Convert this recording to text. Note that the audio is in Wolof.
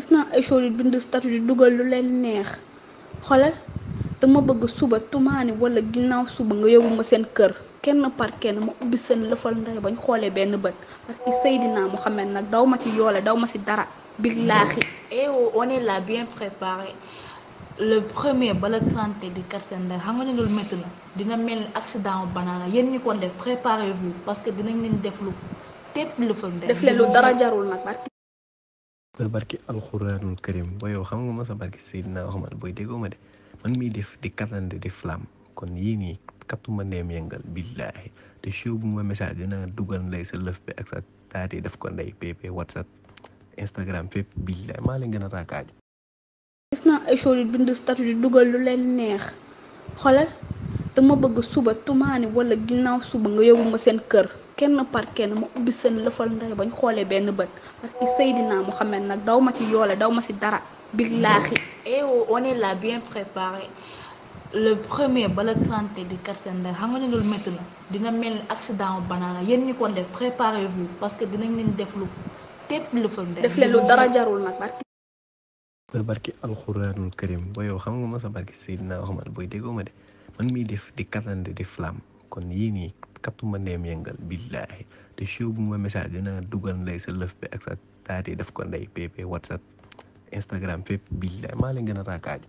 gis naa ay show bind statut di dugal lu leen neex xoolal dama bëgg suba tumaani wala ginnaaw suba nga yóbbu ma seen kër kenn par kenn ma ubbi seen lëfal ndey bañ xoolee benn bët parce que Seydina Mouhamed nag daw ma ci yoole daw ma ci dara billaahi eh on est bien préparé le premier ba le trente di kat seen ndey xam nga ne mett métti na dina mel ni accident wu banaana yéen ñi ko def préparez vous parce que dinañ leen def lu tepp lëfal ndey def leen ba barki alxuraanul karim ba xam nga ma sa barki Seydina Muhammad booy déggoo ma de man miy def di katande di flam kon yii nii kattuma neem yëngal billaahi te show bu ma message dinaa dugal lay sa lëf bi ak sa taatee def ko ndey pp whatsapp instagram fépp billaahi maa leen gën a raakaaju gis naa ay show di bind statut di dugal lu leen neex xoolal dama bëgg suba tumaani wala ginnaaw suba nga yóbbu ma seen kër kenn par kenn ma ubbi seen lëfal ndey bañ xoolee benn bët parce que Seydina Mouhamed nag daw ma ci yoole daw ma ci dara billaahi eh oh, on est là bien préparé le premier ba trente di kat ndey xam nga ne loolu métti na dina mel ni accident banaana yéen ñi ko def préparez-vous parce que dinañ leen def lu tépp lëfal ndey def leen lu dara jarul nag barki alxuraanul karim ba xam nga ma sa barki Seydina Mouhamed booy déggoo ma de man miy def di katande lam kon yii nii kattuma ndeem yëngal billaahi te show bu ma message dina dugal lay sa lëf bi ak sa taat yi def kon ndey pp whatsapp instagram fépp billaahi maa leen gën a raakaaju